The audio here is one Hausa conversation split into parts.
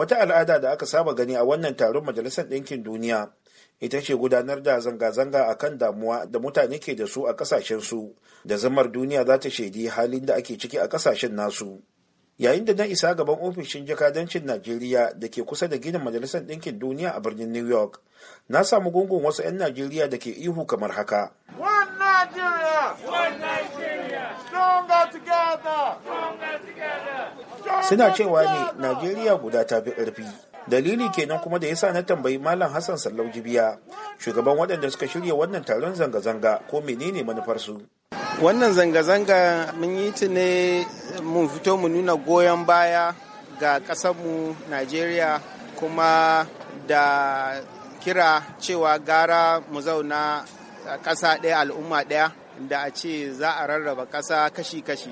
wata al'ada da aka saba gani a wannan taron majalisar ɗinkin duniya ita ce gudanar da zanga-zanga a kan damuwa da mutane ke da su a ƙasashensu da zamar duniya za ta shaidi halin da ake ciki a ƙasashen nasu yayin da na isa gaban ofishin jakadancin najeriya da ke kusa da ginin majalisar ɗinkin duniya a birnin new york na samu gungun wasu 'yan najeriya da ke ihu kamar haka suna cewa ne najeriya guda ta fi ƙarfi dalili kenan kuma da yasa na tambayi malam hassan sallau jibiya shugaban waɗanda suka shirya wannan taron zanga-zanga ko menene manufarsu wannan zanga-zanga mun yi ta ne mun fito mu nuna goyon baya ga mu najeriya kuma da kira cewa gara mu zauna ƙasa ɗaya al'umma ɗaya da a ce za a rarraba ƙasa kashi-kashi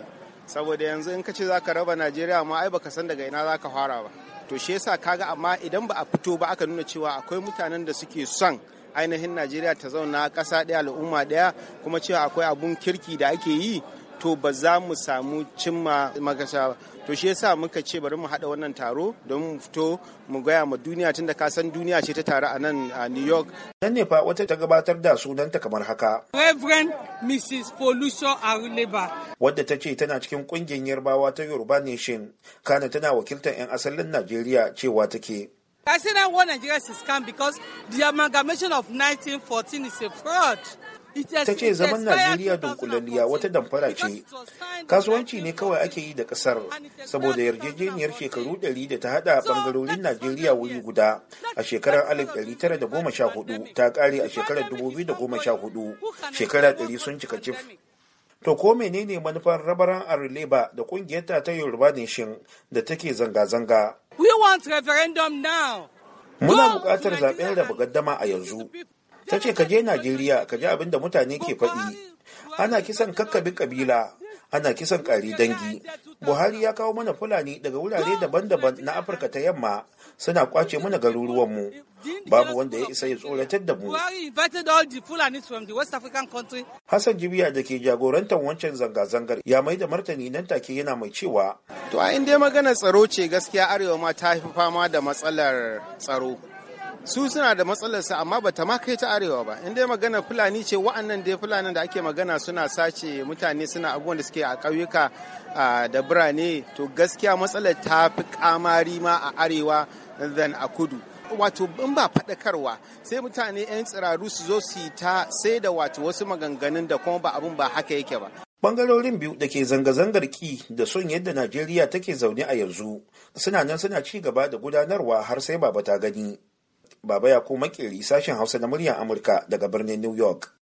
saboda yanzu in ka ce zaka raba najeriya ma ai baka san daga ina zaka fara ba to shi yasa kaga amma idan ba a fito ba aka nuna cewa akwai mutanen da suke son ainihin najeriya ta zauna ƙasa ɗaya al'umma ɗaya kuma cewa akwai abun kirki da ake yi to ba za mu samu cimma makasa ba to shi yasa muka ce bari mu haɗa wannan taro don mu fito mu gaya ma duniya tunda ka san duniya ce ta taru a nan a New York nan ne fa wata ta gabatar da sunanta kamar haka Reverend Mrs. Folusho Aruleba wadda ta ce tana cikin kungiyar Yarbawa ta Yoruba Nation kana tana wakiltar 'yan asalin Najeriya cewa take I say that one Nigeria is scam because the amalgamation of 1914 is a fraud. ta ce zaman najeriya dunkulaliya wata damfara ce kasuwanci ne kawai ake yi da kasar saboda yarjejeniyar shekaru 100 da ta hada bangarorin najeriya wuri guda a shekarar 1914 ta kare a shekarar 2014 shekara 100 sun cika cif to ko menene manufar rabaran arleba da kungiyarta ta yoruba nation da take zanga-zanga muna buƙatar zaɓen raba gaddama a yanzu ta ce ka je najeriya ka ji abin da mutane ke faɗi ana kisan kakkabin kabila ana kisan ƙari dangi buhari ya kawo mana fulani daga wurare daban-daban na afirka ta yamma suna kwace mana garuruwanmu babu wanda ya isa ya tsoratar da mu hassan jibiya da ke jagorantar wancan zanga-zangar ya mai da martani nan take yana mai cewa to a inda magana tsaro ce gaskiya arewa ma ta fi fama da matsalar tsaro su suna da matsalarsa amma ba ta ma kai ta arewa ba in dai magana fulani ce wa'annan dai fulanin da ake magana suna sace mutane suna abubuwan da suke a ƙauyuka da birane to gaskiya matsalar ta fi kamari ma a arewa than a kudu wato in ba faɗakarwa sai mutane 'yan tsiraru su zo su yi ta sai da wato wasu maganganun da kuma ba abun ba haka yake ba. Bangarorin biyu da ke zanga-zangar ki da son yadda Najeriya take zaune a yanzu suna nan suna ci gaba da gudanarwa har sai ba ta gani. Baba Yakubu Makeri sashen Hausa na muryar Amurka daga birnin New York.